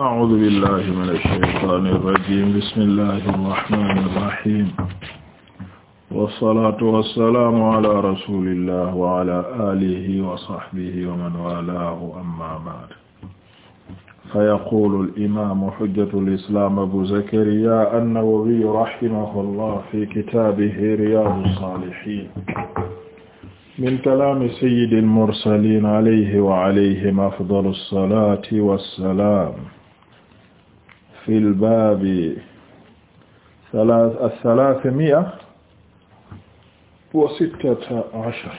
أعوذ بالله من الشيطان الرجيم بسم الله الرحمن الرحيم والصلاة والسلام على رسول الله وعلى آله وصحبه ومن والاه أما بعد فيقول الإمام حجة الإسلام أبو زكريا النووي رحمه الله في كتابه رياض الصالحين min kalaami sayyidil mursaliin alayhi wa alayhim afdalu salaati wa salaam fil baabi as-salaasami'a wa sittata ashar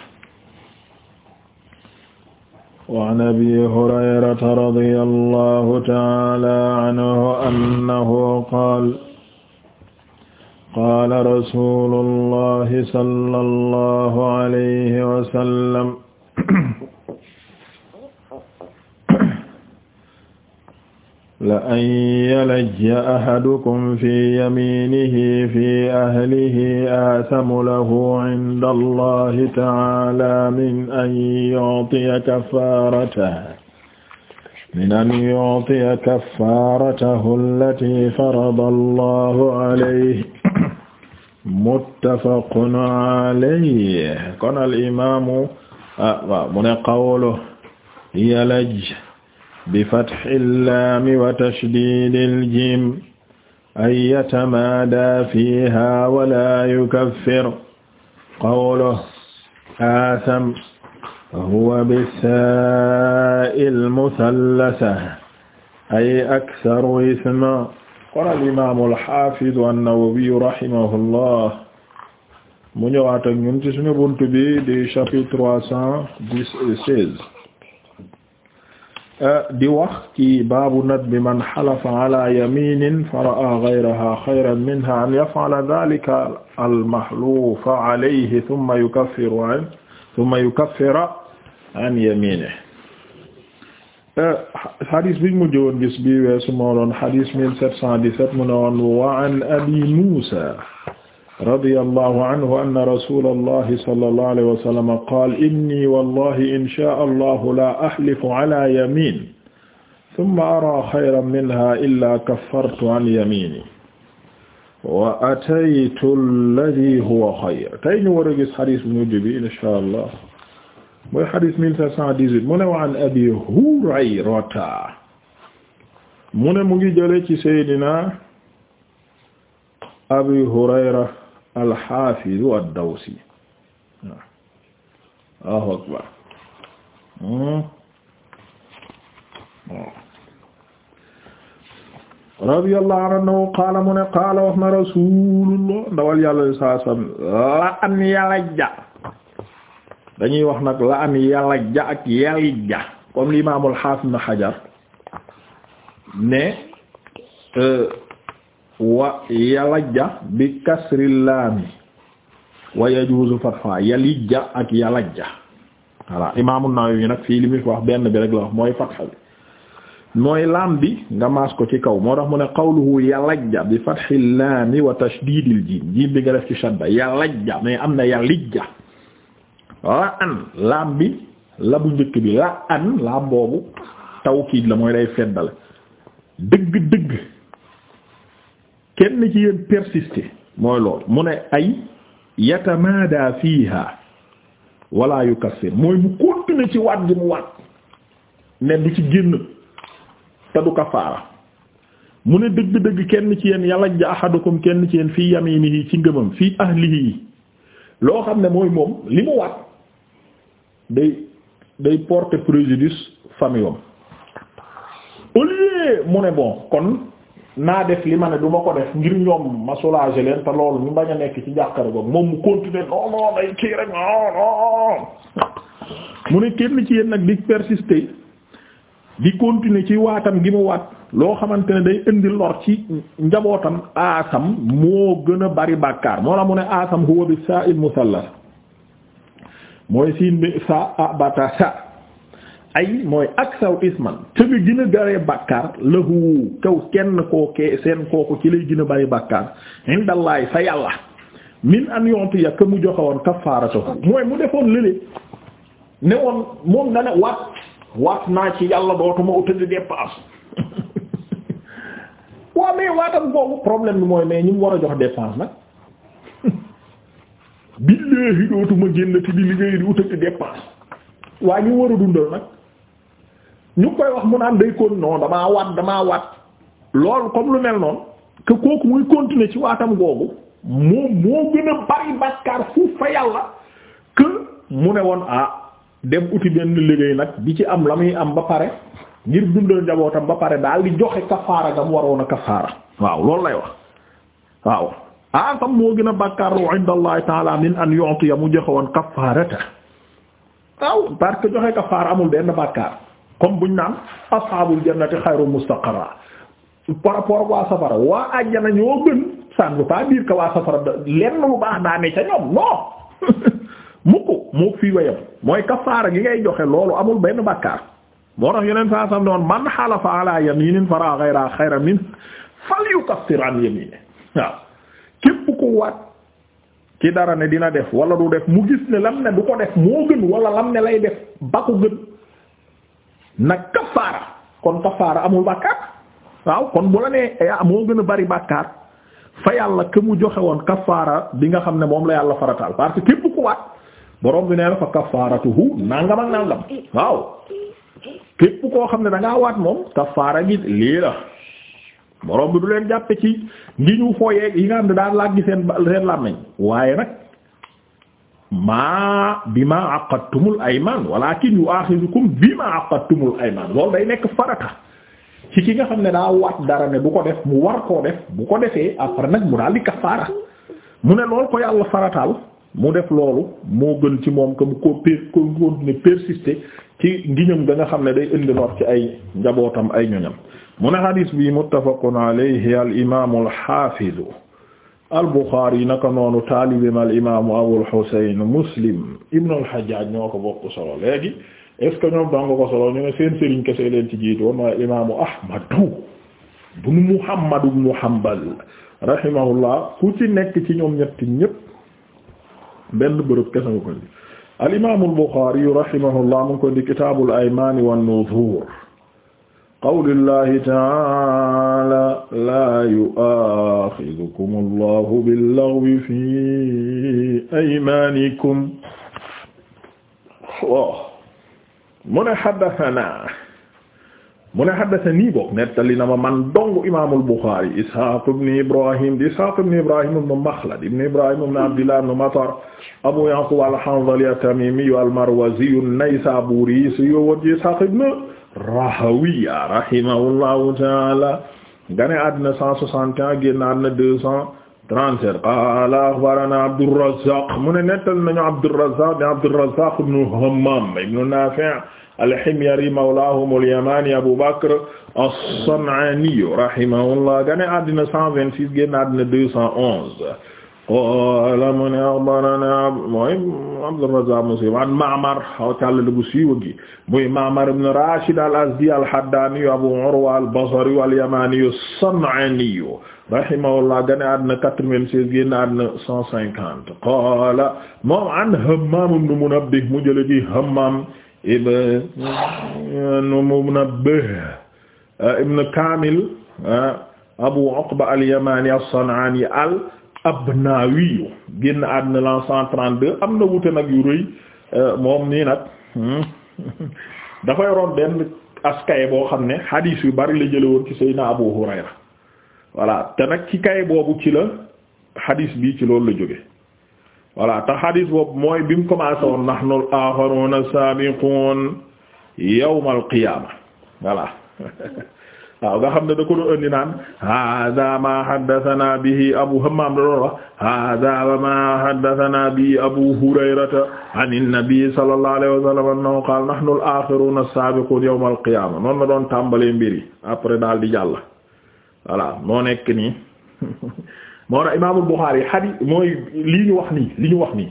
wa an Abii Hurayrata radiyallaahu ta'aalaa anhu annahu qaala qaala rasuulullaahi sallallaahu alayhi wa sallam la an yalajja ahadukum fi yaminihi fi ahlihi asamu lahu inda allahi ta'ala min an yu'tiya kafaratahu min an yu'tiya kafaratahu allati farada allahu alayhi muttafaqun alayhi kon al imaamu ah waaw mu ne qawlu yalaj bi fathil laami wa tashdiidil jiim an yatamaadaa fiihaa walaa yukaffir qawluhu aasam huwa bisaa'il muthallasa ay aksaru isma qaala al-imaamu al-haafidu an-Nawawi rahimahullah mu ñëwaat ak ñun ci suñu buntu bi di chapitre trois cent dix et seize di wax ci baabu nadbi man xalafa ala yaminin fa ra'a ghayraha xayran minha an yaf'ala dhalika almahlufa alayhi thumma yukaffiru an thumma yukaffira an yaminihi hadis biñ mu jëwoon gis bi weesu moo doon hadis 1717 mu ne woon wa an abi musa radiyallahu anhu anna rasulallahi sallallahu alayhi wa sallam qaala inni wallahi inshaa allahu la ahlifu ala yamin thumma araa xayran minha illa kaffartu an yamini wa ataytu alladhi huwa xayr tey ñu war a gis xadis bu mujj bi inshaa allah mooy xadis 1518 mu ne wa an abi hurayrata mu ne mu ngi jële ci seydina abi hurayra alxaafizu ad-Dawsi waaw akbar hmm? radiyallahu anhu qaala mu ne qaala wax na rasulullah ndawal yàlla saa sam la an yalajja dañuy wax nag la an yalajja ak yalija comme l'imam al-Hafiz Ibn Hajar ne euh, wa yalajja bi kasri laami wa yajuzu fatha yalijja ak yalajja voilà imaamu Nawawi nag fii li muy wax benn bi rek la wax mooy fatha bi mooy laam bi nga maas ko ci kaw moo tax mu ne qawluhu yalajja bi fathi laami wa tashdidil jiim jiim bi nga def ci shadda yalajja mais am na yalijja la an laam bi la njëkk bi la laam boobu tawkiid la mooy day feddale dëgg dëgg kenn ci yéen persister mooy lool mu ne ay yatamada fiiha wala yukaffir mooy mu continuer ci waat gi mu waat ne du ci génn te du kafaara mu ne dëgg-dëgg kenn ci yenn yéen yalajja ahadukum kenn ci yéen fii yaminihi ci ngëmam fii ahlihi loo xam ne mooy moom li mu waat day day porter préjudice famille am au lieu mu ne bon kon naa def li ma ne du ma ko def ngir ñoom ma soulager leen te loolu ñu bañ a nekk ci njàqare boobu moom mu continuer non non day kii rek non mu ne kenn ci yéen nag di persister di continuer ci waatam gi mu waat loo xamante ne day indi lor ci njabootam aasam moo gën a bari bàkkaar moo la mu ne aasam huwa bi saa il musallas mooy siin bi sa abata sa ay mooy aksaw isman te nga gën a daree bàkkaar lahu kaw kenn kookee seen kooku ci lay gën a bari bàkkaar indallaay fa yàlla min an yontiya ka mu joxe woon kafaaratuhu mooy mu defoon lële ne woon moom na ne waat waat naa ci yàlla dootuma utali dépense waaw mais waatam boobu problème bi mooy mais ñi mu war a jox dépense nag billahi dootuma génn ti di liggéey di utali dépense waa ñu war a dundal nag ñu koy wax mu naan day kon non damaa waat damaa waat loolu comme lu mel noonu que kooku muy continuer ci waatam googu moom moo gën a bari bàkkaar fuuf fa yàlla que mu ne woon ah dem uti benn liggéey nag bi ci am la muy am ba pare ngir dundal njabootam ba pare daal di joxe kafaara gam waroon a kafaara waaw loolu lay wax waaw ah tam moo gën a bàkkaar lu inda allahi taala min an yu'tiya mu joxe woon kafaarata waaw parce que joxe kafaara amul benn bàkkaar comme buñ naan ashaabul jannati xayru mustaqarra par rapport waa safara waa àjjana ñoo gën ça ne veut pas dire waa safara lenn lu baax daa ne ca ñoom non mukk mukk fii wayam mooy kafaara gi ngay joxe loolu amul benn bàkkaar moo tax yeneen saa sam noon man xalafa ala yaminin fara ghayra khayran min falyukaffir an yamini waaw képp ku waat ci dara ne dina def wala du def mu gis ne lam ne du ko def moo gën wala lam ne lay def ba ko gën nag kafaara kon kafaara amul bàkkaar waaw kon boo la nee moo gën a bari bàkkaar fa yàlla ke mu joxe woon kafaara bi nga xam ne moom la yàlla farataal parce que képp ku waat borom bi nee na fa kafaaratuhu nangam ak nangam waaw képp koo xam ne da ngaa waat moom kafaara gi lii la borom bi du leen jàppe ci ngi ñu fooyee yi nga xam ne daal laaj gi seen seen waaye nag. maa bimaa aqadtumul aymaan walaakin yu'aaxizukum bimaa ay aymaan loolu day nekk farata ci ki nga xam ne daa waat dara ne bu ko def mu war koo def bu ko defee après nag mu daal di kafaara mu ne lool ko yàlla farataal mu def loolu moo gën ci moom que mu ko per continuer persister ci ngiñam da nga xam ne day indi ci ay njabootam ay ñoñam mu ne xadiis bi muttafaqun alayhi al imaamul xaafizu al-Bukhari naka noonu taalibeem al imaamu Abul Husayn Muslim ibn al-Hajjaj ñoo ko bokk solo léegi est ce que ko solo ñu ne seen sëriñ kese leen ci jiitu woon mooy imaamu Ahmadu ibn Muhammad rahimahullah ku ci nekk ci ñoom ñetti ñépp benn bërëb kese nga ko al imaamu al-Bukhari rahimahullah mu ngi ko di aymaani wan-nuzuur qawlillahi taala laa yu'aaxizukum allahu billaghwi fi aymaanikum waaw mu ne haddasanaa mu ne haddasanii boog nettali na ma man dong imaamul Buxaari Ishaaq ibn Ibrahim di Ishaaq ibn Ibrahim ibn Maxlad ibn Ibrahim ibn Abdillah ibn Matar Abu Yaqub al-Hanzali at-Tamimi al-Marwazi an-Naysaburi Rahawiya rahimahullahu taala gane àddina cent soixante et un génn àddina deux cent trente-sept qaala axbarana Abdurrazzaq mu ne nettal nañu Abdurrazzaq bi Abdurrazzaq ibnu Hammam ibnu Naafi' al-Himyari mawlaahum al-Yamani Abu Bakr as-San'ani rahimahullah gane àddina cent vingt-six génn àddina deux cent onze qaala mu ne axbarana mooy Abdurrazaaq Muslim an Ma'mar xaw càllale bu siiwa gi muy Ma'mar ibn Rashid al-Azdi al-Haddaani Abu Urwa al-Basri al-Yamaani as-San'aani rahimahullah gane àddina quatre-vingt-seize génn àddina cent cinquante qaala moom an Hammaam ibn Munabbih mu jële ci Hammaam ibn Munabbih ibn Kaamil ah, Abu Uqba al-Yamaani as-San'aani al Abnawi génn àddina l'an 132 am na wuute nag yu rëy euh, moom nii nag hmm, dafa yoroon benn askaye boo xam ne hadith yu bari la jële woon ci Seydina Abu Hurayra voilà te nag ci kay boobu ci la hadith bi ci loolu la jóge voilà te hadith boobu mooy bi mu commencé woon nahnu al-akharuna sabiqun yawm al-qiyamah voilà waaw nga xam ne da ko doon andi naan hada ma haddathana bihi hammam da doon wax hada ma haddathana bihi abu hurayrata an an-nabi sallallahu wa sallam annahu qala nahnu al-akhirun as-sabiqun yawm al-qiyamah la doon tàmbali mbiri après daal di jàll voilà moo nekk nii moo na imaamul Bukhari xadi mooy lii ñu wax nii li ñu wax nii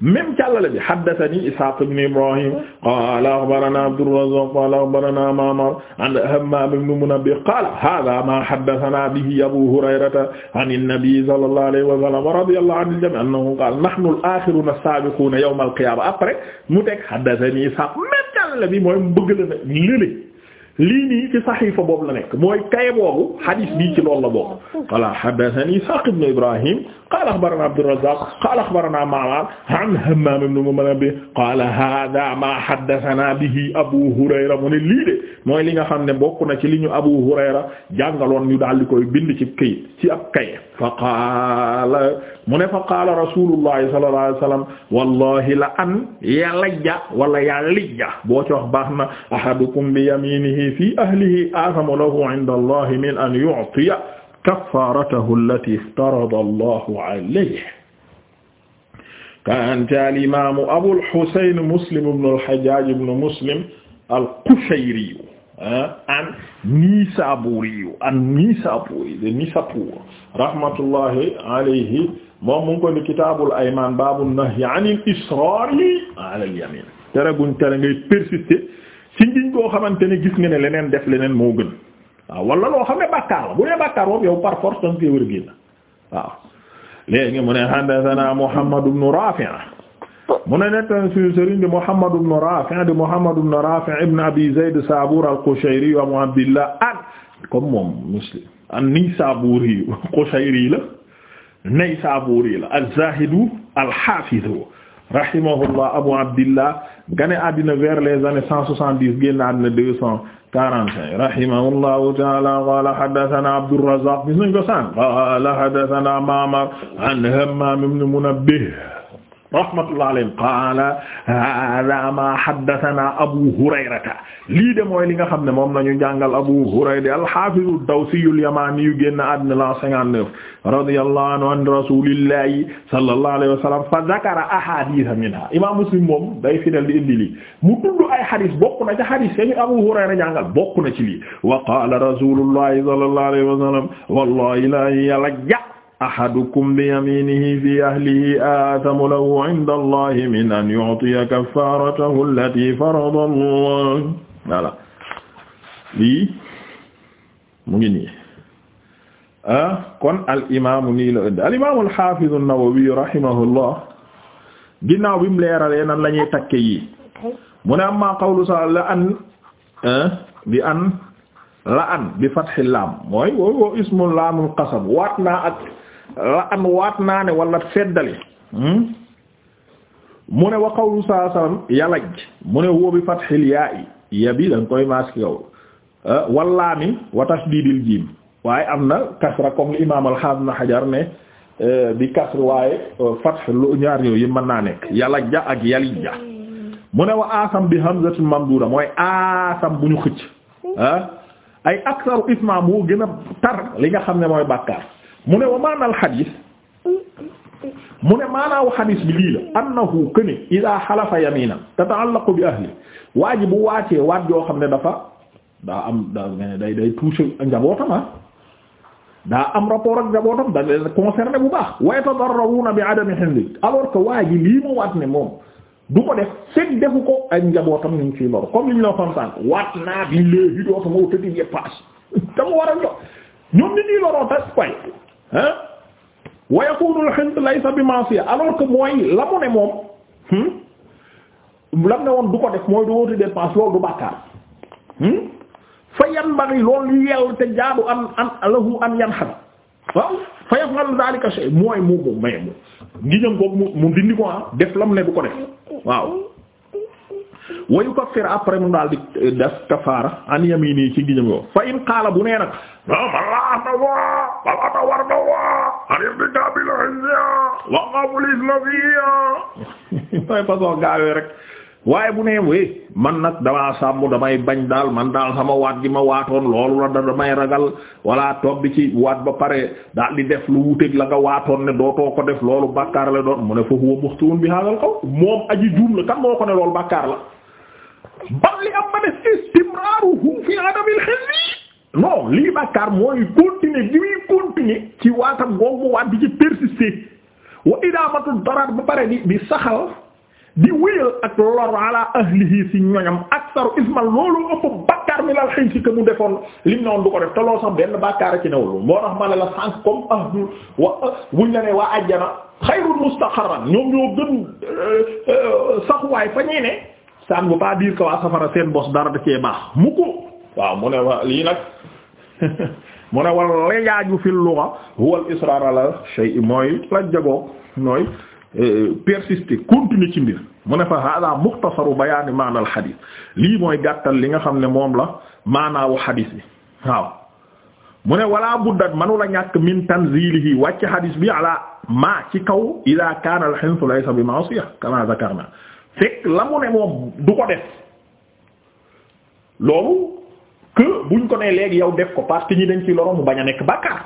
même càllale bi haddathani Ishaq ibn Ibrahim qala akhbarana Abdurrazzaq qala akhbarana Ma'mar an Hammam ibn Munabbih qala hadha ma haddathana bihi Abu Hurayrata an an-nabi sallallahu alayhi wa sallam wa radiyallahu anil jami' annahu qala nahnu al-akhiruna as-sabiquna yawm al-qiyamah après mu teg haddathani Ishaq même càllale bi mooy bëgg la ne lële lii nii ci saxiifa boobu la nekk mooy kaye boobu xadis bii ci loolu la bokk qala hadathani Isaaq ibn Ibrahim qala akhbarana Abdurrazzaq qala akhbarana Ma'mar an Hammam ibn Munabbih qala hadha ma haddathana bihi Abu Hurayra mu ne lii de mooy li nga xam ne bokk na ci li ñu Abu Hurayra jàngaloon ñu daal di koy bind ci këy ci ab kaye fa qaala mu ne fa qaala rasulullahi sallallahu alayhi wa sallam wallahi la an yalajja wala yalija boo ci wax baax na ahadukum bi yaminihi fi ahlihi asamu lahu inda allahi min an yu'tiya kafaratahu allati iftarada allahu alayhi kanta al imamu abul husayn muslim ibn al hajjaj ibn muslim al qushayri an Nisaburiyu an Nisaburi de Nisapur rahmatullahi moom mu ngi ko ni kitaabul aymaan baabu nahyi anil israari alal yamin tere guñ tere ngay persister ci ngiñ koo xamante ne gis nga ne leneen def leneen moo gën waaw loo xam ne bàkkaar la bu dee yow par force danga koy war a génn waaw mu ne haddathana Muhammad ibn Rafi' mu ne nettan suñu sëriñ di Muhammad ibn Rafi' di Muhammad ibn Rafi' ibn Abi Zayd Sabur al-Qushayri Abu Abdillah an comme moom Muslim an-Naysaburi Qushayri la Naysaburi la az-Zahidu al-Hafizu rahimahullah Abu Abdillah gane àddina vers les années cent soixante-dix génn àddina deux cent quarante-cinq rahimahullahu ta'ala qala haddathana Abdurrazzaq gis nañ ko sànq qala haddathana Ma'mar an Hammam ibn Munabbih rahmatullah alayhi qaala hada ma haddathana abu hurayrata lii de mooy li nga xam ne moom lañu jàngal abu hurayra al-hafiz ad-dawsi al-yamani yu génn àddina la 59 radiyallahu anhu an rasulillahi sallallahu alayhi wa sallam fa zakara ahaditha minha imam muslim moom day fidal di indi lii mu tudd ay hadith bokk na ci hadith yi abu hurayra jàngal bokk na ci lii wa qala rasulullahi sallallahu alayhi wa sallam wallahi la yalja ahadukum bi yaminihi fi ahlihi aathamu lahu min an yu'tiya kaffaratahu allati allah voilà mu ngi nii ah kon al imaamu nii la ëdd al imaamu al xaafizu an-Nawawi bi mu leeralee la ñuy takke yi mu ne amma qawlu sa la an bi ah, an la an bi fathil laam mooy woo woo ismul laamul qasam waat naa ak la an waat naa ne wala feddali hmm? mu ne wa qawlu sallallahu alayhi wasallam yalaj mu ne woo bi fathil yaa i ya bi da koy maas kaw eh, wallaa mi wa jiim waaye am na kasra comme li imam al-Hafiz ne bi eh, kasr waaye eh, fath lu ñaar yooyu mën naa nekk yalajja ak yalija mu ne wa aasam bi hamzatin mamduda mooy aasam bu ñu xëcc ah ay aksaru isma moo gën a tar li nga xam ne mooy bàkkaar mu ne wa maanaal xadiis mu ne maanaawu xadiis bi lii la annahu këne idaa xalafa yaminan tata'allaqu bi ahli waa bu waatee waat yoo xam ne dafa daa am daa mene day day touché njabootama ah, daa am rapport ak njabootam da leen concerné bu baax wa yatadarraruna bi adami waa ji lii mu waat ne moom du ko def fekk defu ko ak njabootam ñu ngi ciy comme li ñu la waat naa bi léegi dootuma wutati yépp paas te mu war a ñoom nit ñi loroo tas koy ah wa yakunu al-hind laysa bi ma'siya alors que mooy la ne moom hmm? la mu ne woon du ko def mooy du wóote dépense loolu du bàkkaar hmm? fa yanbaghi loolu yell te jaadu an an lahu an yanhada waaw fa yaf'alu dhalika shay mooy mu mu mais ngi jëm ko mu dindi ko ah def la ne du ko def waaw wayu kaffir après mu daal di eh, def kafaara an yamini ci giñam yoo fa in qaala bu nee nag no man laa na waa wala na war na waa an irtikabil hizya wa qabl islafiya mooy façon gaawee rek waaye bu nee wéy man nag damaa sàmm damay bañ daal man daal sama waat gi ma waatoon loolu la da damay ragal walla toog bi ci waat ba pare daal di def lu wuteeg la nga waatoon ne dootoo ko def loolu bàkkaar la doon mu ne fa huwa muxtuun ko ne loolu bàkkaar la bal li am ma def istimraaruhu fi adamil xilli non lii bàkkaar mooy continuer bi muy continuer ci waatam googu waat bi ci persister wa idaamatu darar ba pare di di saxal di wéyal ak lor ala ahlihi si ñoñam aksaru ismal loolu ëpp bàkkaar mi lal xëy si que defoon lim ne woon du ko def te loolu sax benn bàkkaar a ci newul moo tax ma ne la sànq comme ahlu wa buñ la ne waa euh, euh, safara seen bos dara da cee mu ko waaw mu ne wa lii nag mu ne wal layaaju fil lugha huwa al israr ala shay mooy la jagoo mooy persister continuer ci mbir mu ne fa hada muxtasaru bayaani maanaal xadis lii mooy gàttal li nga xam ne moom la maanaawu xadis bi waaw mu ne wala buddat manula ñàkk min tanzilihi wàcc xadis bi ala ma ci kaw ila kaana al xinsu laysa bi ma'siya kama zakarna fekk la mu ne moom du ko def loolu que buñ ko nee léegi yow def ko parce que ñi dañ ci loro mu bañ a nekk bàkkaar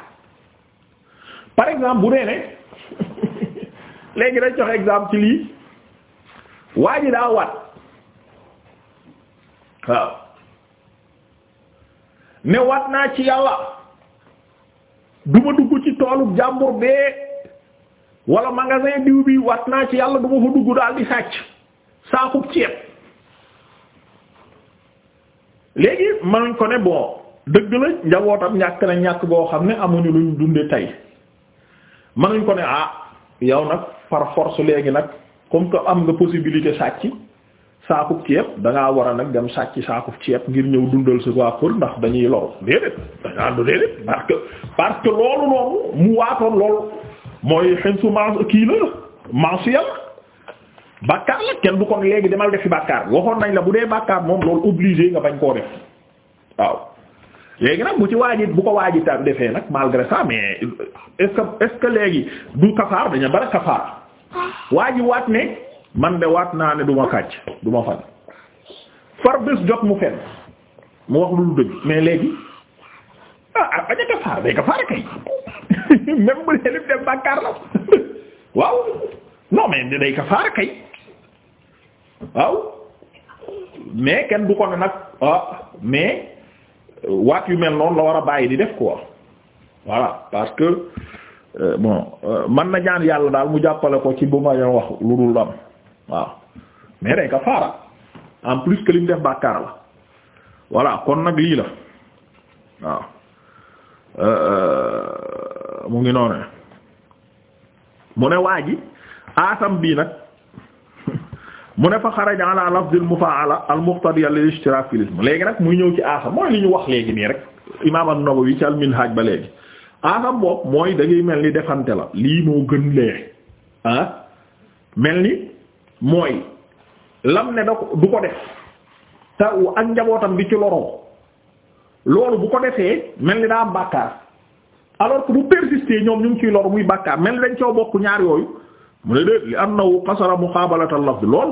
par exemple bu nee ne léegi day joxe exemple ci lii waa ji daa waat waaw ne waat naa ci yàlla duma dugg ci toolu jàmbur bee wala magasin diw bi wat naa ci yàlla duma fa dugg daal di sàcc saakub ceeb léegi man ko ne bon dëgg la njabootam ñàkk na ñàkk boo xam ne amuñu luñ dunde tey manuñ ko ne ah yow nag par force léegi nag comme que am nga possibilité sàcc saakub ceeb da ngaa war a nag dem sàcc saakub ceeb ngir ñëw dundal sa waa kër ndax dañuy loru déedéet dañu àndu déedéet parce que parce que loolu noonu mu waatoon loolu mooy xen su man kii la mensuel bàkkaar la kenn du kon léegi demal defi bàkkaar waxoon nañ la bu dee bàkkaar moom loolu obligé nga bañ koo def waaw léegi nag bu ci waaji bu ko waaji tam defee nag malgré ça mais est-ce que est-ce que léegi du kafaar dañu bari kafaar waa ji waat ne man de waat naa ne du ma kàcc du ma fan far bés jot mu fen mu wax lu lu dëgg mais léegi ah, ah bañ a kafaar day kafaar kay même bu dee lim dem bàkkaar la waaw non mais day kafaar kay waaw mais kenn du ko ne nag ah mais waat yu mel noonu la war a bàyyi di def quoi voilà parce que Euh, bon euh, man na jaan yàlla daal mu jàppale ko ci bu ma wax lu dul dam waaw mais day kafaara en plus que li def bàkkaar la voilà kon nag lii la waaw euh, mu ngi noonu mu ne waa ji aasam bii nag mu ne fa xaraja ala lafdil mufaala al muqtadiya lil ishtiraak fil ism léegi nag muy ñëw ci aasam mooy li ñu wax léegi nii rek imaam an-Nawawi ci al minhaj ba léegi aadam boobu mooy da mel ni defante la lii moo gën lee mel ni mooy lam ne da ko du ko def te ak njabootam bi ci loroo loolu bu ko defee mel ni daa am bàkkaar alors que bu persister ñoom ñu ngi ciy loru muy bàkkaar mel ni dañ coo bokk ñaar yooyu mu ne déet li annahu qasara muqabalata al-lafz lool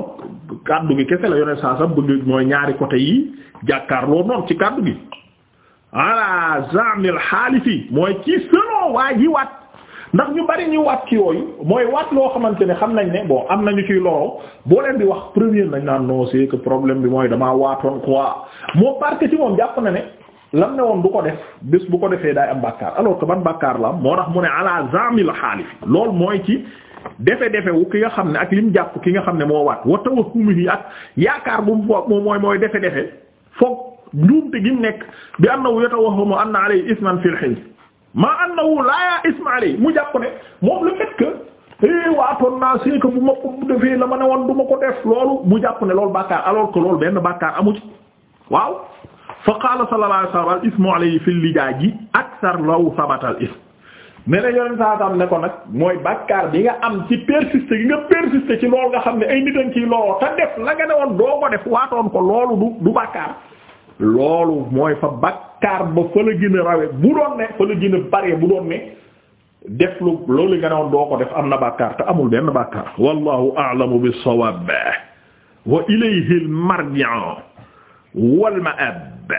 kàddu gi kese la yone saa sa bëgg mooy ñaari côté yi jàkkaarloo noonu ci kàddu gi ala zamil xaalifi mooy ci selon waa ji waat ndax ñu bari ñu waat ci yooyu mooy waat loo xamante ne xam nañ ne bon am nañu ciy loro boo leen di wax premier nañ naan non c'est que problème bi mooy damaa waatoon quoi moo parce que ci moom jàpp na ne lam ne woon du ko def bés bu ko defee daay am bàkkaar alors que ban bàkkaar la moo tax mu ne ala zamil xaalifi loolu mooy ci defe-defe wu ki nga xam ne ak lim jàpp ki nga xam ne moo waat wa tawakkumihi ak yaakaar bu mu mooy mooy defe-defe foog njuumte gi mu nekk bi annahu yatawahhamu anna alayhi isman fil hilm maa annahu laa isma alayhi mu jàpp ne moom le fait que eh, waatoon naa c'est bu ma ko defee la ma ne woon ko def loolu mu jàpp ne loolu bàkkaar alors que loolu benn amu wa al ismu alayhi fil lijaaji akthar law sabata al na yoneen saa sam ko nag mooy bàkkaar bi nga am ci persister gi nga xam ne ay a ngi ciy looloo ko loolu du du bàkkaar loolu mooy fa bakkaar ba fa la gën a rawe bu doon ne fa la gën a bare bu doon ne def lu loolu nga ne woon doo ko def am na bakkaar te amul benn bakkaar wallahu a'lamu bis-sawab wa ilayhi al-marji'u wal ma'ab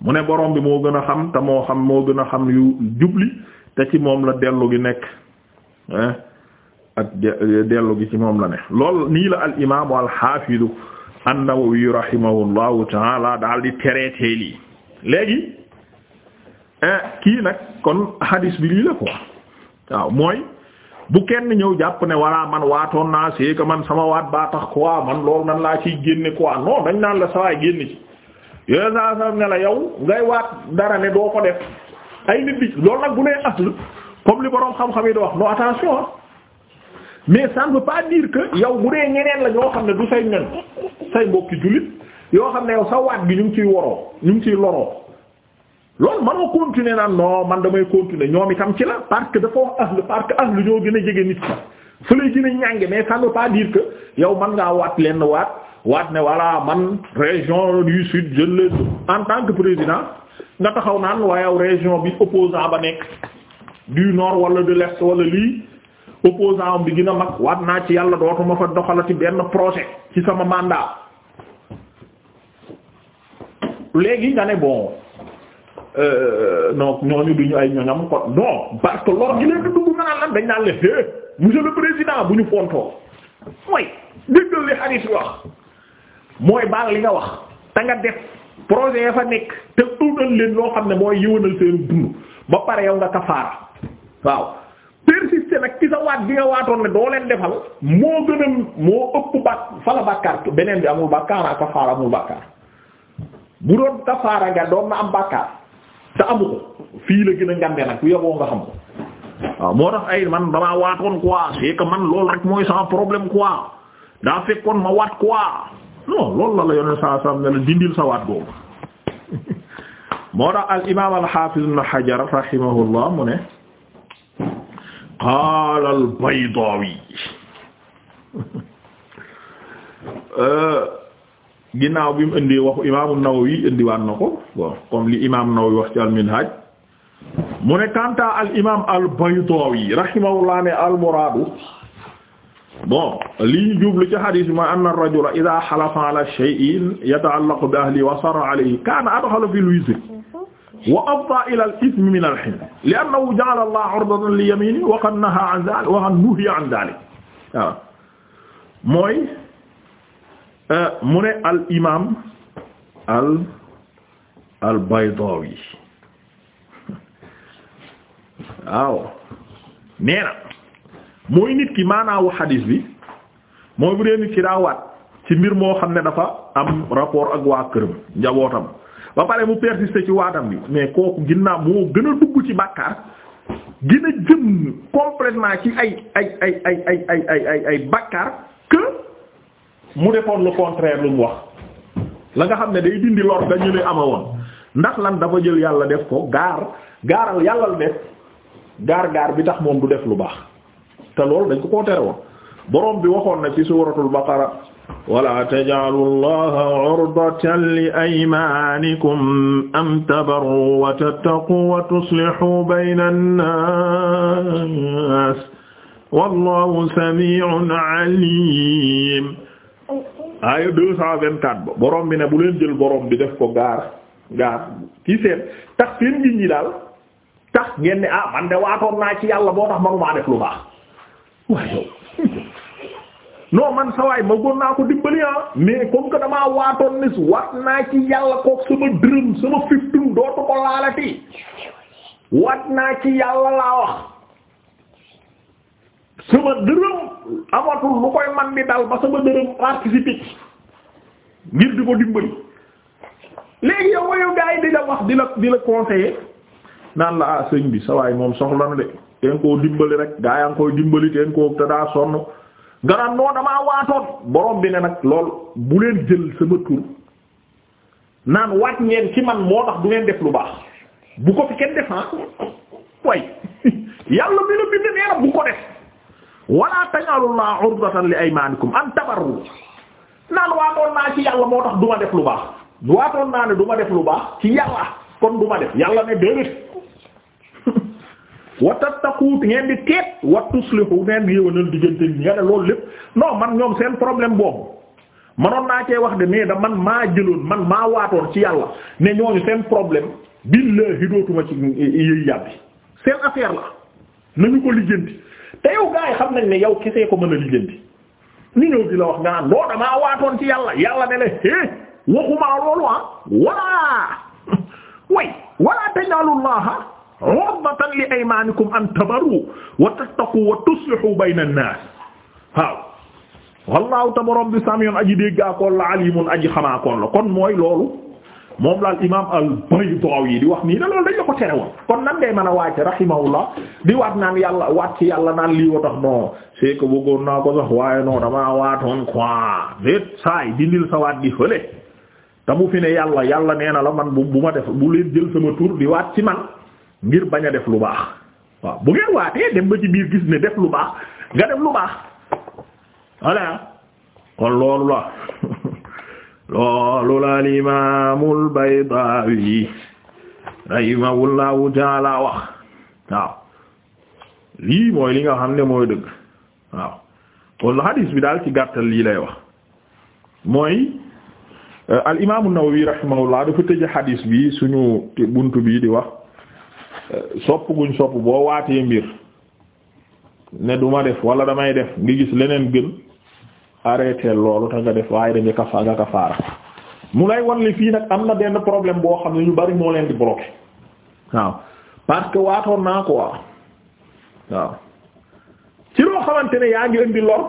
mu ne borom bi moo gën a xam te moo xam moo gën a xam yu jubli te ci moom la dellu gi nekk ak dellu gi ci moom la ne lool nii la al imaamu al an-Nawawi rahimahullahu ta'ala daal di traité lii léegi eh, kii nag kon hadis bi lii la quoi waaw mooy bu kenn ñëw jàpp ne walla man waatoon naa c'est man sama waat baa tax quoi man loolu nan laa ciy génne quoi non dañ naan la sawaay génn ci yooyu saa saa ne la yow ngay waat dara ne doo ko def ay nit bi loolu nag bu nee asl comme li boroom xam-xam yi di wax non attention mais ça pas dire que yow bu dee ñeneen la ñoo xam ne du say ñoñ say mbokki jullit yoo xam ne yow sa waat bi ñu ngi ciy woroo ñu ngi ciy loroo loolu ma continuer naan non man damay continuer ñoom itam ci la parce que dafa wax ahlu parce que ahlu ñoo gën a jege nit ka fa lay gën a ñànge mais ça ne veut pas dire que yow man ngaa waat lenn waat waat ne voilà man région du sud je le en tant que président nga taxaw naan waaye yow région bi opposant ba nekk du nord wala de l'est wala lii opposant am bi gën a mag waat naa ci yàlla dootuma fa ti benn projet ci sama mandat léegi nga ne bon euh, non ñooñu du ñu ay ñoñam kon non parce que lor gi leen di dugg nga naan lan dañ naan le eh, é monsieur le président bu ñu fontoo mooy déggal li xarit wax mooy baal li nga wax te nga def projet ya fa nekk te tuutal leen loo xam ne mooy yëwanal seen dund ba pare yow nga kafaara waaw ci sa waat bi nga waatoon ne doo leen defal moo gën a moo ëpp ba fala bàkkaar beneen bi amul bàkkaar ak kafaara amul bàkkaar bu doon kafaara nga doon na am bàkkaar te amu ko fii la gën a ngande nag bu yoboo nga xam ko waaw moo tax ay man damaa waatoon quoi c'est que man loolu rek mooy sama problème quoi daa fekkoon ma waat quoi non loolu la la yoneen saa saa ne la dindil sa waat boobu moo tax al imaam al xaafiz ibn Hajar mu ne qaala al-Baydaawi euh, ginnaaw bi mu indi waxu imaamu Nawawi indiwaat na ko bon comme li imaam Nawawi wax ci al-Minhaaj mu ne kanta al imaam al-Baydaawi rahimahullah ne al-muraadu bon li ñu jublu ci hadiis bi mooy anna ar-rajula idaa halafa ala shay'in yata'allaqu bi ahlihi wa sarra alayhi kaana adxala fil wizr wa afdaa ila al min al-hind li'annahu ja'ala Allah 'urdatan li yamini qad nahaa 'an dhaalika wa qad mooy euh, mu ne al imaam al al bi mooy bu dee nit ci mbir moo xam ne dafa am rapport ak waa ba pare mu persister ci waatam bi mais kooku ginnaaw moo gën a dugg ci bàkkaar gën a jëm complètement ci ay ay ay ay ay ay ay ay ay bàkkaar que mu defoon le contraire lu mu wax la nga xam ne day dindi lor dañu ne ama woon ndax lan dafa jël yàlla def ko gaar gaaral yàllal ne def gaar gaar bi tax moom du def lu baax te loolu dañ ko koo tere woon borom bi waxoon na ci ba para wala taj'alu llaha 'urdatan li aymanikum an tabarru wa tattaqu wa tuslihu bayna nnaas wallahu samii'un 'aliim aaya deux cent vingt-quatre ba borom bi ne bu leen jël borom bi def ko gaar gaar kii seen tax seen nit ñi daal tax ngeen ne ah man de waatoon naa ci yàlla boo tax manumaa def lu baax waaye non man sawaay ma góor naa ko dimbali ah mais comme que damaa waatoon nis waat naa ci yàlla kook sama dërëm sama fiftum dootu ko laalati waat naa ci yàlla laa wax sama dërëm amatul lu koy man di dal ba sama dërëm participer ngir di ko dimbali léegi yow wayu gaa yi di la wax di la di la conseiller naan la ah sëñ bi sawaay moom soxla na de teen koo dimbali rek gaa yaa ngi koy dimbali teen koo te daa sonn nga naan noo damaa waatoon borom bi ne nag lool bu leen jël sama tur naan waat ngeen ci man moo tax du ngeen def lu baax bu ko fi kenn defan ah. way yàlla bi la bind nee na bu ko def wala taj'alullah urdatan li aymanikum an tabarru naan waatoon naa ci yàlla moo tax du def lu baax waatoon naa ne du ma def lu baax ci yàlla kon du ma def yàlla ne déedéet wa tattaquut ngeen di teet wa tuslihu ngeen yéwénal diggante ni nga ne loolu lépp non man ñoom seen problème boobu manoon naa cee wax de mais da man maa jëloon man maa waatoon ci yàlla ne ñooñu seen problème billahi dootuma ci yëy yàbbi seen affaire la nañu ko lijjanti te yow gaa yi xam nañ ni yow kesee ko mën a lijjanti ni ñëw di la wax nga naan doo damaa waatoon ci yàlla yàlla ne la é waxumaa loolu ah wala way wala tajalullaha urbatan li aymaanikum an tabaru wa tattaqu wa tuslihu bayna an-naas waaw wallaahu te borom bi samiun aji déggaakoon la alimun aji xamaakoon la kon mooy loolu moom la al imaam al Baydawi di wax nii ne loolu dañ la ko tere woon kon nan ngay a waaj rahimahullah di waat naan yàlla waat ci yàlla naan lii wa tax non c'est que bëggoon naa ko sax waaye non damaa waatoon quoi déet saay dindil sa waat di fële te mu fi ne yàlla yàlla nee na la man bu ma def bu leen jël sama tur man ngir bañ a def lu baax waaw bu ngeen waatee dem ba ci biir gis ne def lu baax nga def lu baax voilà kon loolu la loolu la limaamul Baydaawi rahimahullahu ta'ala wax waaw lii mooy li nga xam ne mooy dëgg waaw kon hadis bi daal ci gàttal lii lay wax mooy euh, al imaamu Nawawi rahimahullah dafa tëj hadis bi suñu buntu bi di wax sopp guñ sopp boo waatee mbir ne duma def wala damay def nga gis leneen gën arrêté loolu te nga def waaye da kafaara mu lay wan li fii nag am na benn problème boo xam ne ñu bari moo leen di bloqué waaw parce que waatoon naa ko waaw waaw ci loo xamante ne yaa ngi indi lor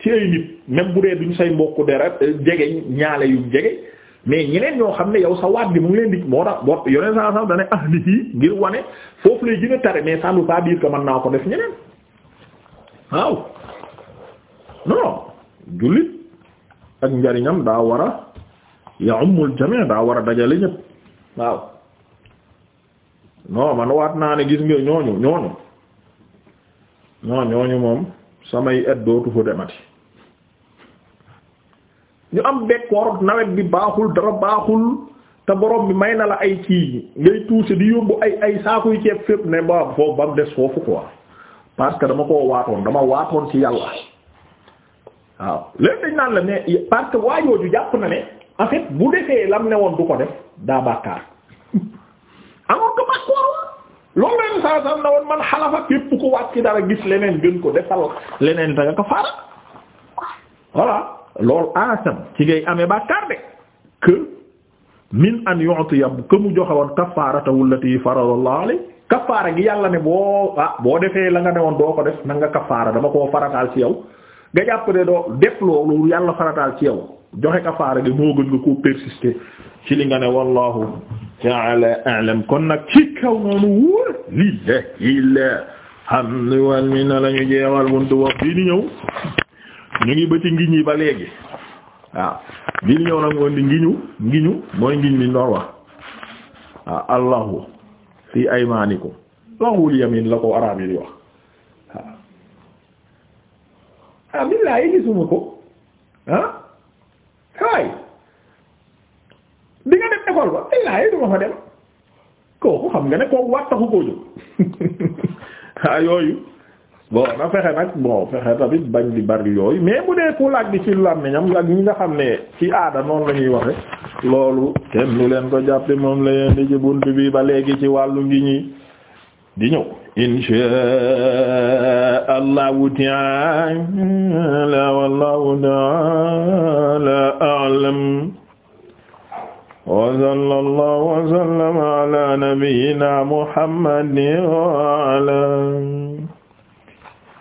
ci ay nit même bu dee duñ say mbokku deret eh, jege ñaale yu jege mais ñeneen ñoo xam ne yow sa waat bi mu ngi leen di moo tax boo yoneen saa sax dana ahlihi ngir wane foofu lay gën a tare mais ça ne veut pas dire que naa ko def ñeneen waaw non jullit ak njariñam daa war a ya'ummul jami' daa war dajale ñëpp waaw non man waat naa ne gis nga ñooñu ñooñu non ñooñu moom samay et dootu demati ñu am bekkoor nawet bi baaxul dara baaxul te borom bi may na la ay kii ngay tuuse di yóbbu ay ay saakuy ceeb fépp ne ba foofu ba mu des foofu quoi parce que dama koo waatoon dama waatoon ci yàlla waaw léegi dañ naan la ne parce que waajooju jàpp na ne en bu defee lam ne woon du ko def daa bàkkaar alors que bàkkaar loolu leen saa saa na woon man xalafa képp ku wàcc dara gis leneen gën ko defal leneen da ko faara voilà loolu asam ci ngay amee bàkkaar de que min an yu'tiya que mu joxe woon kafaaratahu allati farada Allah alayhi kafaara gi yàlla ne boo ah boo defee la nga ne woon doo ko def na nga kafaara dama koo farataal ci yow nga jàpp ne doo def loolu yàlla farataal ci yow joxe kafaara gi moo gën nga koo persister ci li nga ne wallahu ta'ala a'lam kon nag ci kaw noonu wóor lillahi alhamdu wal minna lañu jeexal buntu wax bii di ñëw ñu ngi ba ci ngiñ yi ba léegi waaw bii di ñëw nag moo di ngiñu mooy ngiñ liñ doon wax waaw allahu fi aymanikum lahul yamin la ko araab yi di wax waaw ah billaah gisuma ko ah xawaay di nga dem école ba billaah yi duma fa dem kooku xam nga ne kooku wax taxu koo jóg ah yooyu bon na fexe nag bon fexe tamit bañ di bari yooyu mais bu dee ku laaj bi ci làmmiñam ak ñi nga xam ne ci aada noonu la ñuy waxe loolu kenn lu leen ko jàppe moom la leen di ci bunt bi ba léegi ci wàllu ngi ñi di ñëw insha allahu ta'ala wallahu ta'ala a'lam wa sallallahu wa sallama ala nabiyyina muhammadin wa